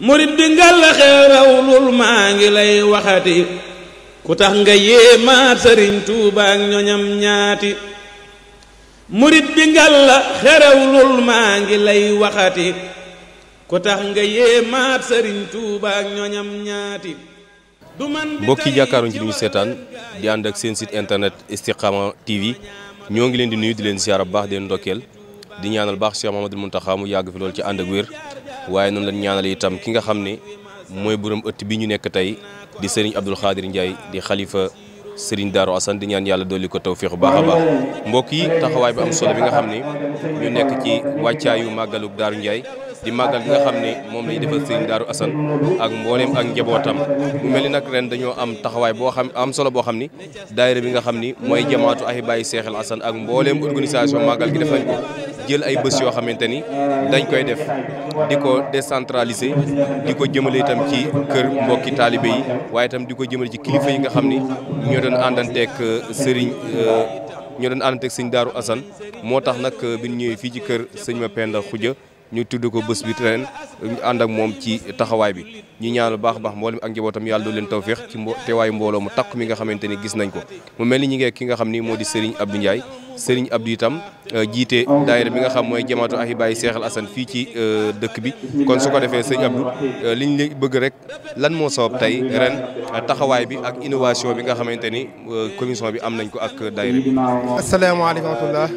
murit bi ngal la xew rawlul maa ngi lay waxati ku tax nga yéemaat sëriñ Tuuba ak ñoñam ñaati murit bi ngal la xerewlul maa ngi lay waxati ku tax nga yéemaat sëriñ Tuuba ak ñoñam ñaati mbokki jàkkaaruñ ci duñu seetaan di ànd ak seen site internet Istikhama TV ñoo ngi leen di nuyu di leen siyaara bu baax di leen ndokkeel di ñaanal baax Cheikh Mamadou Mountakha mu yàgg fi loolu ci ànd ak wér waaye noonu la ñaanal itam ki nga xam ni mooy borom ëtt bi ñu nekk tey di sëriñ Abdul Xaadir Ndiaye di xalifa sëriñ Daaru Asan di ñaan yàlla dolli ko tawfiix bu baax a baax mbokk yi taxawaay bi am solo bi nga xam ne ñu nekk ci wàccaayu màggalug Daaru Ndiaye di màggal bi nga xam ne moom lañu defal sëriñ Daaru Asan ak mbooleem ak njabootam mu mel ni nag ren dañoo am taxawaay boo xam am solo boo xam ni daayira bi nga xam ni mooy jamaatu ahibaayi seexal Asan ak mbooleem organisation màggal gi def nañ ko jël ay bës yoo xamante ni dañ koy def di ko décentraliser di ko jëmale itam ci kër mbokki taalibe yi waaye itam di ko jëmale ci kilifa yi nga xam ni ñoo doon àndanteeg euh, sëriñ euh, ñoo doon àndanteeg sëñ Daaru Asan moo tax nag euh, bi ñu ñëwee fii ci kër sëñ Mapenda Xuja ñu tudd ko bés bi ren ñu moom ci taxawaay bi ñu ñaanal baax baax mboolem ak njabootam yàlla doo leen tawféex ci teewaayu mbooloo mu takk mi nga xamante ni gis nañ ko mu mel ni ñi ngi ki nga xam ni moo di Serigne Abdou Ndiaye Serigne Abdou itam euh, jiite daayira bi nga xam mooy jamaatu ahibaayi Seexal Asan fii ci euh, dëkk bi kon su ko defee Serigne Abdou euh, liñ la bëgg rek lan moo sabab tey ren taxawaay bi ak innovation bi nga xamante ni commission bi am nañ ko ak daayira bi. asalaamaaleykum wa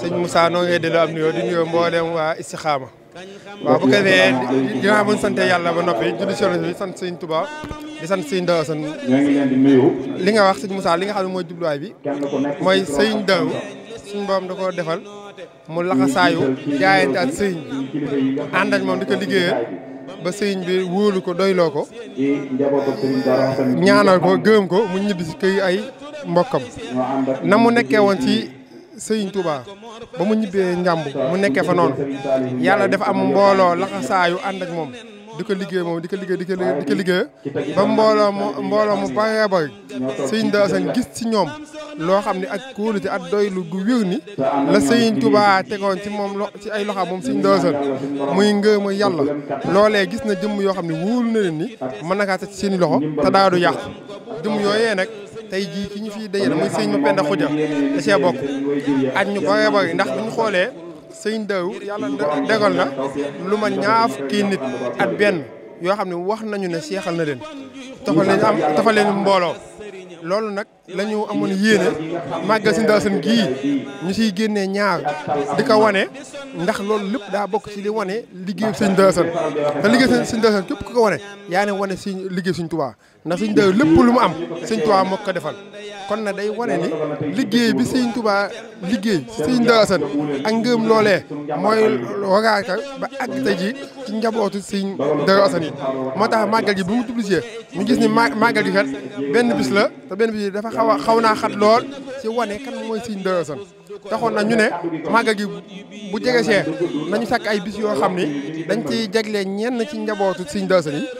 sëñ Moussa noo ngi delloo am nuyoo di nuyoo mboolem waa Istixaama waaw bu ko defee dinaa mën sant yàlla ba noppi julli si bi sant sëñ Touba di sant sëñ Daw san li nga wax sëñ Moussa li nga xam mooy jubluwaay bi mooy sëñ Daw suñu borom da koo defal mu laxasaayu jaayante ak sëñ bi ànd moom di ko liggéeyal ba sëñ bi wóolu ko doyloo ko ñaanal ko gëm ko mu ñibbi si këy ay mbokkam na mu nekkee woon ci Serigne Touba ba mu ñibbee njàmb mu nekkee fa noonu yàlla dafa am mbooloo laxasaayu ànd ak moom di ko liggéey moom di ko liggéey di ko di liggéey ba mbooloo mu mbooloo mu bare bare Serigne Darou Assane gis ci ñoom loo xam ne ak kóolute ak doylu gu wér ni la Serigne Touba tegoon ci moom lo ci ay loxo moom Serigne Darou Assane muy ngërëmu yàlla loolee gis na jëmm yoo xam ne wóolu na leen ni mën na kaa teg ci seen i loxo te daa du yàq jëmm yooyee nag. tey jii ci ñu fi dajale muy sëñ ma Penda Xuja da cee bokk ak ñu bare bari ndax bu ñu xoolee sëñ Daaru yàlla dégal na lu ma ñaaf kii nit at benn yoo xam ne wax nañu ne seexal na leen tafa leen am tafa leen mbooloo loolu nag lañu ñu amoon yéene màggal sëñ Daaru Asan gii ñu siy génnee ñaar di ko wane ndax loolu lépp daa bokk ci li wane liggéey sëñ Daaru Asan te liggéey sëñ Daaru képp ku ko wane yaa ne wane si liggéey sëñ Tuubaa ndax sëñ Daoud lépp lu mu am sëñ Tuubaa moo ko defal kon na day wane ni liggéey bi sëñ Tuubaa liggéey sëñ Daoud Assane ak ngëm loole mooy wagaaka ba àgg tey ji ci njabootu sëñ Daoud Assane yi moo tax màggal gi bu mu publicité ñu gis ni màggal gi kat benn bis la te benn bis dafa xaw a xaw naa xat lool ci wane kan mooy sëñ Daoud Assane taxoon na ñu ne màggal gi bu jege see nañu sàkk ay bis yoo xam ni dañ ciy jagle ñenn ci njabootu siñ Daoud yi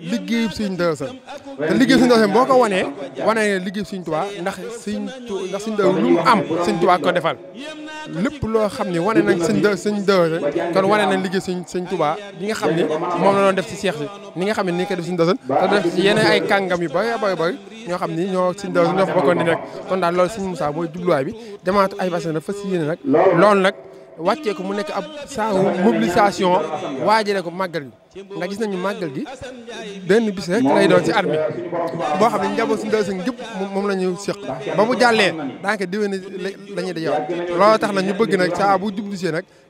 liggéeyub sëñ Daaru Asan te liggéeyub sëñ Daaru boo ko wanee wane ne liggéeyub sëñ Tuubaa ndax sëñ ndax sëñ Daaru lu mu am sëñ Tuubaa ko defal lépp loo xam ne wane nañ sëñ sëñ Daaru kon wane nañ liggéey sëñ sëñ Tuubaa bi nga xam ne moom la doon def si seex si ni nga xam ne ni ko def sëñ Daaru Asan te def si yeneen ay kàngam yu bëri bëri bëri ñoo xam ni ñoo sëñ Daaru ñoo fa bokkoon di nekk kon daal loolu sëñ Moussa mooy jubluwaay bi demaat ay bassin na fas yéene nag loolu nag wàccee mu nekk ab saaru mobilisation waajale ko màggal gi ndax gis nañu màggal gi benn bis rek lay doon si armée boo xam ne njaboot suñu daw seen moom la ñu séq ba mu jàllee daanaka déwén la ñuy dajewaat loolu tax na ñu bëgg nag saa bu jublisee nag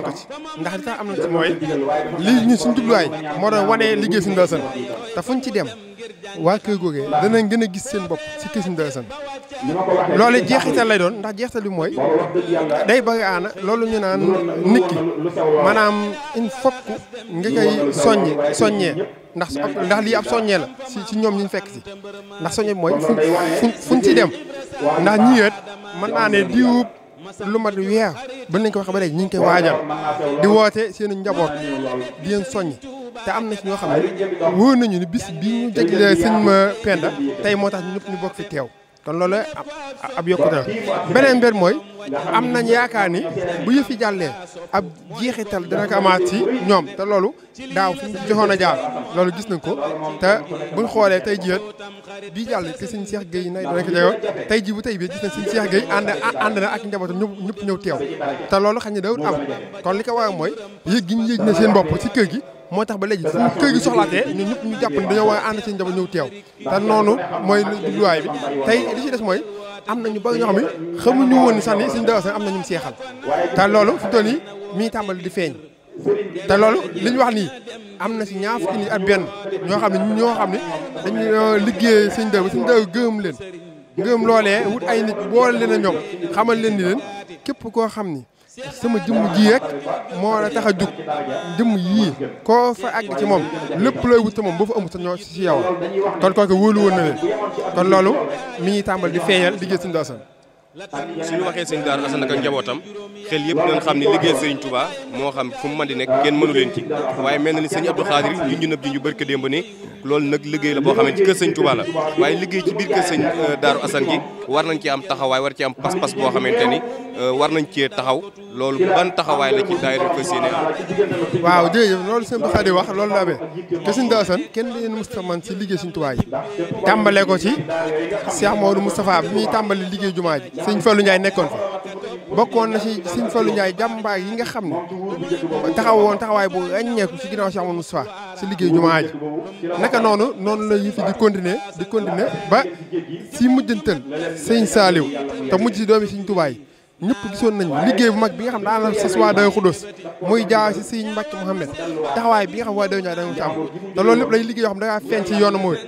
na ko ci ndax li tax am na ci mooy lii ñu suñ jubluwaay moo doon wanee liggéey suñu Darou Assane te fuñ ci dem waa kër googee danañ gën a gis seen bopp si kër suñu Darou Assane loolu jeexital lay doon ndax jeexital bi mooy day bëgg aana loolu ñu naan nit ki maanaam il faut nga koy soññe soññee ndax ndax lii ab soññee la si si ñoom ñu fekk si ndax soññe bi mooy fuñ fuñ fuñ si dem ndax ñii mën naa ne diwub lu mat weer ba nañ ko wax ba ñu ngi koy waajal di woote seen njaboot di leen soññ te am na si ñoo xam ne wóor nañu ni bis bi ñu jagleel sëñ ma Penda tey moo tax ñu ñëpp ñu bokk si teew kon loolu ab yokkute beneen mbir mooy am nañ yaakaar ni bu yëfi jàllee ab jeexital dina ko amaat ci ñoom te loolu daaw fi joxoon a jaar loolu gis nañ ko te buñ xoolee tey jii bii jàll te suñ seex Gueye nay dana ko jegoo tey ji bu tey bii gis nañ suñ Cheikh Gueye ànd ànd na ak njabootam ñëpp ñëw teew te loolu xam ne dawul am kon li ko waral mooy yëg gi ñu yëg na seen bopp ci kër gi moo tax ba léegi fu kër gi soxlaatee ñun ñëpp ñu jàpp ne dañoo war a ànd seen njaboot ñëw teew te noonu mooy jubluwaay bi tey li ci des mooy am na ñu bëri ñoo xam ne xamuñu woon ni sax ni suñu dawal sax am na ñu seexal te loolu fu mu toll nii tàmbali di feeñ te loolu li ñu wax nii am na si ñaar fukki nit ak benn ñoo xam ne ñoo xam ne dañu liggéey seen dëw seen dëw gërëm leen gërëm loolee wut ay nit boole leen a ñoom xamal leen di leen képp koo xam ni sama jëmm ji rek moo la tax a jug jëmm yii ko fa àgg ci moom lépp looy wut moom boo fa amul sa ñoo si yow kon kooku wóolu woon na leen kon loolu mi ñuy tàmbal di feeñal di gëstu Ndao suñu waxee sëñ Darou Assane ak njabootam xel yëpp nañ xam ne liggéey sëñ Touba moo xam fu mu mën di nekk kenn mënu leen ci waaye mel na ni sëñ Abdou Khadir junj na junj barke démb ni loolu nag liggéey la boo xam ci kër sëñ Touba la waaye liggéey ci biir kër sëñ euh, Darou Assane gi war nañ ci am taxawaay war ci am pas-pas boo xamante ni euh, war nañ cee taxaw loolu ban taxawaay la ci daayira ko séene am waaw jërëjëf loolu sëñ Abdou Khadir wax loolu la amee te sëñ Darou Assane kenn leen Moustapha man si liggéey sëñ Touba yi tàmbalee ko ci Cheikh Maodo sëñ Fallou Ndiaye nekkoon fa bokkoon na si sëñ Fallou Ndiaye jàmbaar yi nga xam ne taxaw woon taxawaay bu ràññeeku si ginnaaw Cheikh Mouhamadou Moustapha si liggéey jumaa ji naka noonu noonu la yëf yi di continuer di continuer ba si mujjantal sëñ Saliou te mujj si doomi sëñ Touba yi ñëpp gisoon nañu liggéey bu mag bi nga xam daana sas waa Daaru Xudoos muy jaaw si sëñ Mbàkke Mouhamed taxawaay bi nga xam waa Daaru Ndiaye dañu ci am te loolu lépp lay liggéey yoo xam da yoonu mooy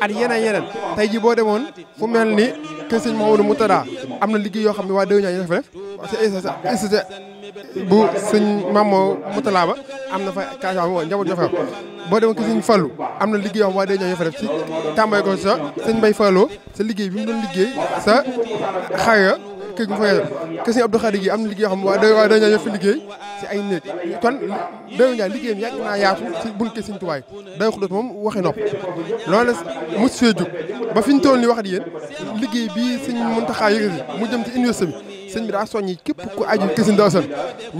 at yeneen yeneen tey kër sëñ Maodo Moutada am na liggéey yoo xam ne waa Dóor ñaar ñu fa def parce que ba am na fa kaas yoo xam ne boo demee kër sëñ Fallou am na liggéey yoo xam ne waa Dóor ñaar fa si tàmbale ko sa sëñ Mbaye Fallou sa liggéey bi mu doon liggéey sa xaya kër gi mu fa yore kër sëñ Abdou Khadir gi am na liggéey yoo xam ne waa Dóor ñaar ñoo fa liggéey si ay néeg kon Dóor ñaar liggéeyam yàgg naa yaatu si buñ kër sëñ Tuubaa Daaru moom waxi nopp loolu fee jóg ba fi ñu toll nii wax di yéen liggéey bii sëñ Muntaxa yëkkati mu jëm ci université bi sëñ bi daa soññi képp ku aju Kësin Dawson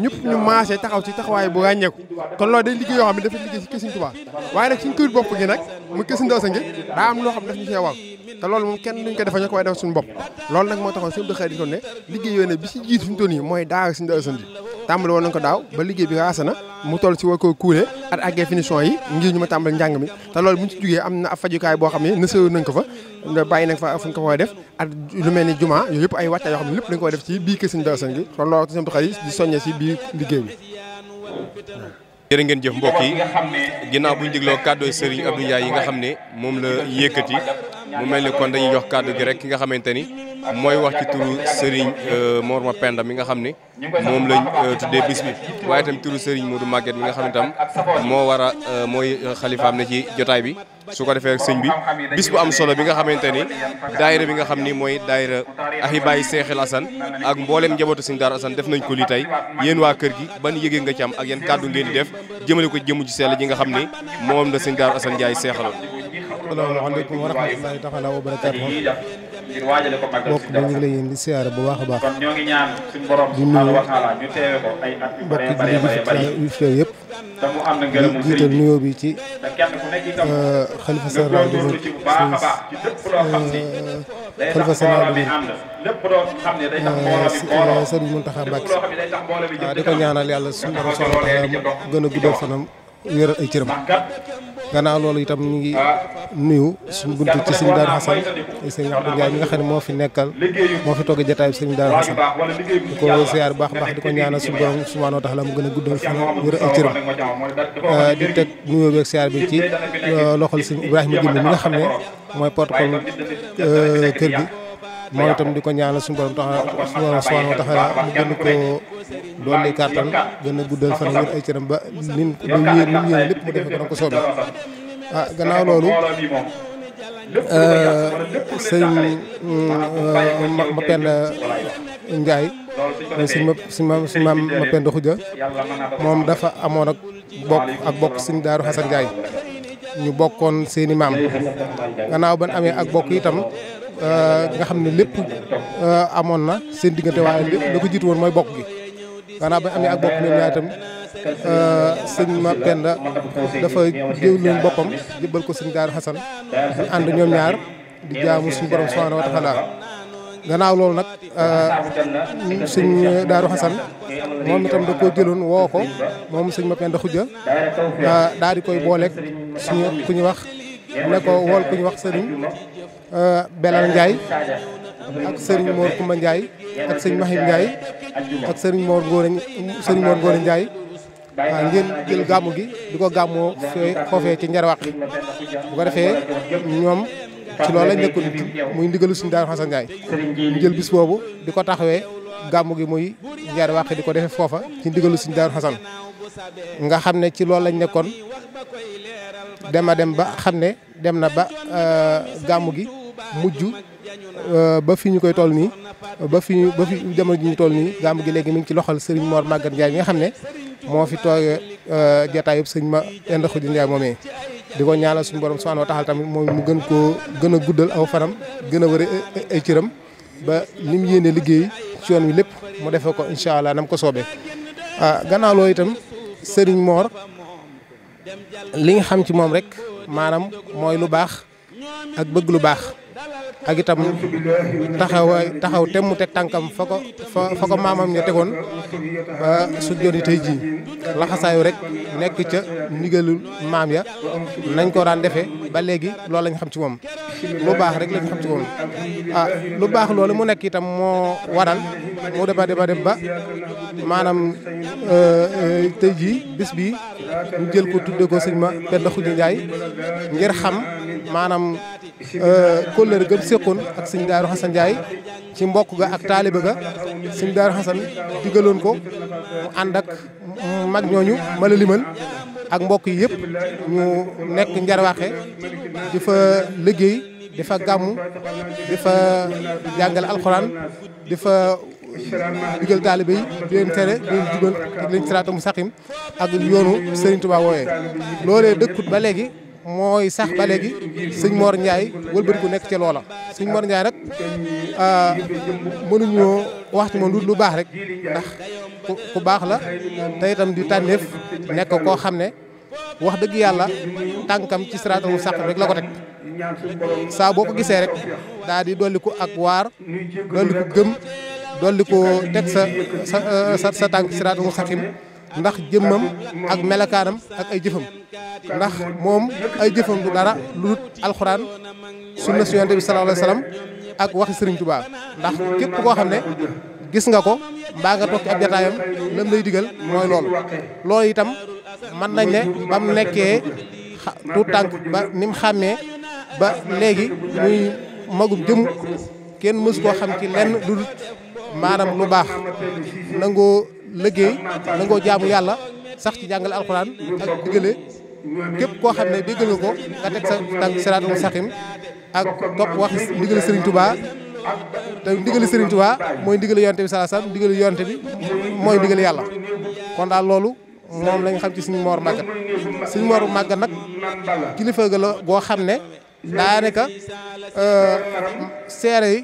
ñëpp ñu maasee taxaw ci taxawaay bu wàññeeku kon loolu day liggéey yoo xam ne dafa liggéey ci Kësin Tuubaa waaye nag suñ këyit bopp gi nag mu Kësin Dawson gi daa am loo xam daf ñu see te loolu moom kenn duñ ko defa ñoo ko waaye def suñu bopp loolu nag moo taxoon sëñ yi Khadre ne liggéey ne bi si jiit fi ñu mooy daara tàmbali woon nañ ko daaw ba liggéey bi raasa na mu toll si war koo kuule at àggee finition yi ngir ñu ma tàmbali njàng mi te loolu bu ñu ci jugee am na ab fajukaay boo xam ne nësëru nañ ko fa bàyyi nañ fa fu ko fooy def at lu mel ni juma yooyu yëpp ay wàccaay yoo xam ne lépp dañ ko def ci bii kër sëñ Darou Assane gi kon loolu sëñ Abdou Khadre di soññee si biir liggéey bi jërë jëf mbokk yi ginnaaw bu ñu dégloo kàddooy Serigne Abdou Ndiaye yi nga xam ne moom la yëkkati mu mel ni kon dañuy jox kàddu gi ki nga xamante ni mooy wax ci turu Serigne euh, Mor Mapenda mi nga xam ne moom lañ euh, tuddee bis waaye itam turu Serigne du Maguette mi nga xam ne tam moo war a euh, mooy xalifaam ne ci jotaay bi su ko defee ak sëñ bi bis bu am solo bi nga xamante ni daayira bi nga xam ni mooy daayira Ahibaay Seexil Asan ak mboolem njabootu Sëñ Daaru Asan def nañ ko li tey yéen waa kër gi ban yëgee nga ci am ak yéen kàddu ngeen def jëmale ko jëmu ci sell ji nga xam ni moom la Sëñ Daaru Asan Njaay seexaloon asalaamaaleykum wa rahmatullaahi ngir bokk bi ñu ngi lay siyaare bu baax a baax. kon ñoo ngi ñaan suñu borom subhanahu wa taala ñu teewe mu jiital nuyoo bi ci xalifa euh, général bi ci bu baax bi euh, ànd lépp loo xam bi euh, mbooloo ko ñaanal yàlla suñu borom subhanahu wa gën a guddal fanam wéeral ay cëram gannaaw loolu itam ñu ngi nuyu suñu buntu ci sëñ Daaru Xasan sëñ Abdou Ndiaye nga xam ne moo fi nekkal moo fi toog jotaay bi sëñ Daaru Xasan di ko siyaar baax baax di ko ñaanal suñu borom subhaanahu wa taala mu gën a guddal fan wéeral ay cëram di teg nuyoo beeg siyaar bi ci loxol sëñ Ibrahima Jimbi mi nga xam ne mooy porte-parole euh, kër gi moom itam di ko ñaanal suñu borom taxa subhanahu wa taala mu gën ko dolli kàttan gën a guddal fan wér ay cëram ba nin lu ñëw lu ñëw lépp mu defe ko na ko soobee ah gannaaw loolu sëñ ma pend Njaay suñ ma suñ ma suñ maam ma pend Xuja moom dafa amoon ak bokk ak bokk suñ daaru Xasan Njaay ñu bokkoon seeni maam gannaaw ban amee ak bokk itam Euh, nga xam ne lépp euh, amoon na seen diggante waaye lépp la ko jiitu woon mooy bokk gi maanaam ba amee ak bokk ñoom ñaar itam euh, sëñ Ma Penda dafa jëw boppam jëbbal ko sëñ daa Xasan ñu ñaar di jaamu suñu loolu nag da koo jëloon woo ko moom sëñ daal di koy booleeg suñu ku ñu wax ne ko wool ku ñu wax sëriñ Euh, Belal Ndiaye ak Serigne Mor Koumba Ndiaye ak sëñ Mahim Ndiaye ak Serigne Mor Ngor Serigne euh, gi di ko gàmmoo fee foofee ci njarwaq bu ko defee ñoom ci loolu lañ nekkoon muy ndigalu suñu Daaru Xasan Ndiaye jël bis boobu di ko taxawee gàmmu gi muy njarwaq di ko defee foofa ci ndigalu suñu Daaru Xasan nga xam ne ci loolu lañ nekkoon dema dem ba xam ne dem na ba euh, gàmmu gi mujj euh, ba fi ñu koy toll nii ba fi ñu ba fi jamono ji ñu toll nii gàmb gi léegi mu ngi ci loxol Serigne moor Maguette Ndiaye nga xam ne moo fi toogee euh, jotaay yëpp sëñ ma Enda Khoudia Ndiaye moomee. di ko ñaanal suñu borom subhanahu wa taala tamit moom mu gën koo gën a guddal aw fanam gën a wër ay cëram ba li yéene liggéey ci yoon wi lépp mu defee ko incha allah nam ko soobee. Ah, gannaaw loolu itam Serigne Mor li nga xam ci moom rek maanaam mooy lu baax ak bëgg lu baax. ak itam taxawaay taxaw temm mu teg tànkam fa ko fa ko maamam ña tegoon ba su joni tey jii laxasaayu rek nekk ca ndigalul maam ya nañ ko daan defee ba léegi loolu lañ xam ci moom lu baax rek lañ xam ci moom ah, lu baax loolu mu nekk itam moo waral mu dafa dafa dem ba maanaam euh, euh, tey jii bis bii ñu jël ko tudde ko sëñ ma Penda Xuj Njaay ngir xam maanaam euh, kóllëre gëm séqoon ak sëñ Daaru Xasan Njaay ci mbokk ga ak taaliba ga sëñ Daaru Xasan digaloon ko mu ànd ak mag ñooñu mala limal ak mbokk yi yëpp ñu nekk njarwaxe di fa liggéey di fa gàmmu di fa jàngal alxuraan di fa digal taalibe yi di leen tere di leen jubal mu di leen ak yoonu Serigne Touba wooyee loolee dëkkut ba léegi mooy sax ba léegi sëñ Mor Ndiaye wëlbati ku nekk ci loola sëñ Mor Ndiaye nag ah, mënuñoo wax ci moom lu baax rek ndax ku baax la te itam di tànneef nekk koo xam ne wax dëgg yàlla tànkam ci siraatal mustaqim rek la ko teg saa boo ko gisee rek daal di dolli ak waar dolli gëm. dolli ko teg sa sa eh, sa tànk siraatul xakim ndax jëmmam ak melakaanam ak ay jëfam ndax moom ay jëfam du dara lu dul alxuraan sunna su yonent bi sallallahu alayhi wasallam ak waxi Serigne Touba ndax képp koo xam ne gis nga ko mbaa nga toog ci ab jataayam lan lay digal mooy loolu loolu itam mën nañ ne ba mu nekkee tuut tànk ba ni xàmmee ba léegi muy magum jëm kenn mës koo xam ci lenn lu dul maanaam lu baax nangoo liggéey nangoo jaamu yàlla sax ci jàngale alxuraan ak digale képp koo xam ne déggal nga ko nga teg sa tànk siraatal mustaqim ak topp wax ndigal Serigne te ndigal Serigne Touba mooy ndigal yonte bi sallallahu alayhi wasallam ndigal bi mooy ndigal yàlla kon daal loolu moom la nga xam ci suñu moor màggat suñu moor nag kilifa ga la goo xam ne daanaka euh, seere yi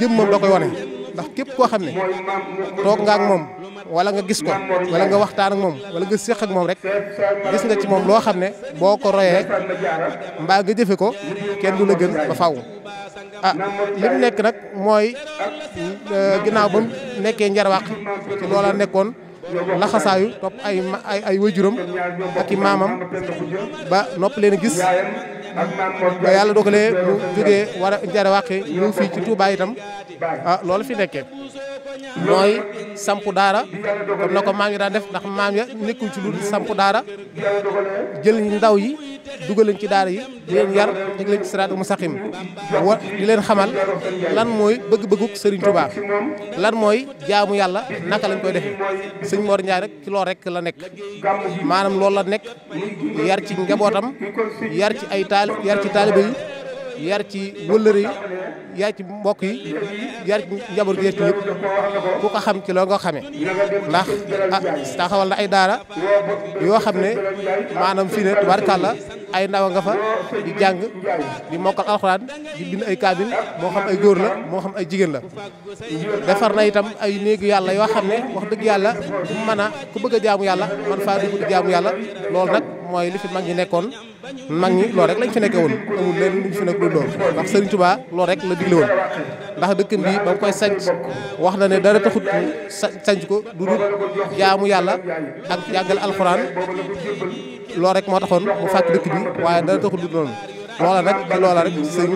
jëmmam da koy wane ndax képp koo xam ne toog nga ak moom wala nga gis ko wala nga waxtaan ak moom wala nga séq ak moom rek gis nga ci moom loo xam ne boo ko royee mbaa nga jëfe ko kenn du la gën ba faw ah li nekk nag mooy euh, ginnaaw ba mu nekkee njarwaq ci loola nekkoon laxasaayu topp ay ay ay wajuram ak i maamam ba nopp leen gis ba yàlla dogalee mu jógee war a njare wàqi ñëw fii ci Touba itam ah loolu fi nekkee mooy sampu daara comme na ko maam yi daan def ndax maam ya nekkul ci lu sampu daara jël ndaw yi dugal leen ci daara yi di leen yar teg leen ci siraat mustaqim wa di leen xamal lan mooy bëgg-bëgguk Serigne Touba lan mooy jaamu yàlla naka lañ koy defee sëñ moor Ndiaye rek ci loolu rek la nekk maanaam loolu la nekk yar ci njabootam yar ci ay taal yar ci taalibe yi yar ci wëllëre yi yar ci mbokk yi yar ci njaboot gi yar ci ñëpp ku ko xam ci loo nga xamee ndax ah taxawal na ay daara yoo xam ne maanaam fii ne tubaarkàlla ay ndaw nga fa di jàng di mokkal alxuraan di bind ay kaabil moo xam ay góor la moo xam ay jigéen la defar na itam ay néegu yàlla yoo xam ne wax dëgg yàlla mën a ku bëgg a jaamu yàlla man faa dugg jaamu yàlla loolu nag mooy li fi mag ñi nekkoon nag ñi loolu rek lañ fi nekkee woon amul leen luñ fi nekk lu lool ndax Serigne Touba loolu rek la digle ndax dëkkam bi ba nga koy sanc wax na ne dara taxut sanc ko du dul jaamu yàlla ak yàggal alxuraan loolu rek moo taxoon mu fàkk dëkk bi waaye dara taxut du noonu loola rek ci loola rek sëñ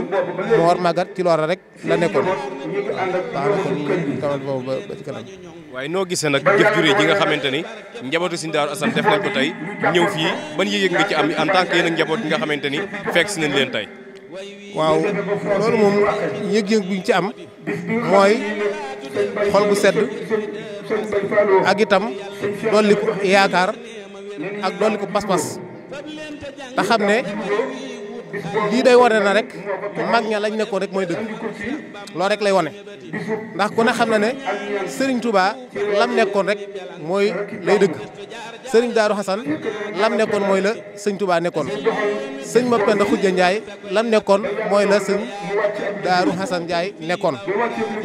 Mor Magat ci loola rek la nekkoon baax ba ba ci waaye noo gisee nag jëf jure ji nga xamante ni njabootu Sëñ Daaru Asan def nañ ko tey ñëw fii ban yëg-yëg nga ci am en tant que yéen ak njaboot nga xamante ni fekk si nañ leen tey. waaw loolu moom yëg-yëg ci am mooy xol bu sedd ak itam dolli ko yaakaar ak dolli ko pas-pas ne. lii day wane na rek mag ña lañ nekkoon rek mooy dëgg loolu rek lay wone ndax ku ne xam na ne Serigne Touba lam nekkoon rek mooy lay dëgg Serigne Darou Hassan lam nekkoon mooy la sëñ Touba nekkoon sëñ Mapenda Khoudia Ndiaye lam nekkoon mooy la sëñ Darou Hassan Ndiaye nekkoon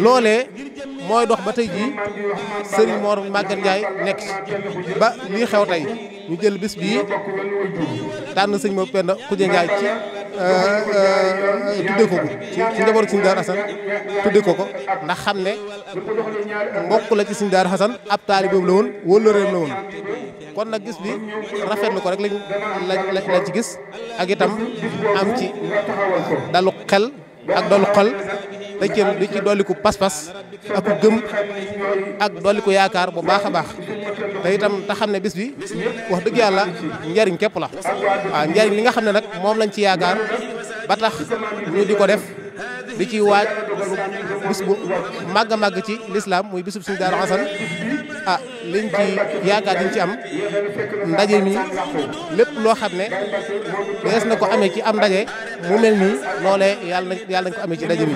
loolee. mooy dox ba tey jii sëriñ Mor Maguette Ndiaye nekk ci ba lii xew tey ñu jël bis bii tànn sëñ Mor Penda Khoudia Ndiaye ci euh, euh, tudde ko ko ci tudde ko ko ndax xam ne mbokk la ci suñu Daaru Xasan ab taali boobu la woon wóllëreem la woon kon nag gis bi rafetlu ko rek lañ lañ ci gis ak itam am ci dalu xel ak dalu da ci da ci dolliku pas-pas ak gëm ak dolliku yaakaar bu baax a baax te itam te xam ne bis bi wax dëgg yàlla njariñ kepp la waaw njariñ li nga xam ne nag moom lañ ci yaakaar ba tax ñu di ko def di ci waaj bis bu màgg a màgg ci lislaam muy bisub suñu Daaru Xasan ah liñ ci yaakaar dañ ci am ndaje mi lépp loo xam ne dees na ko amee ci am ndaje mu mel nii loolee yàlla na yàlla nañ ko amee ci ndaje mi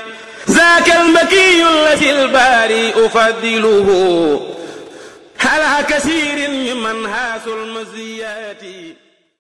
ذاك المكي الذي الباري أفضله على كثير ممن هاس المزيات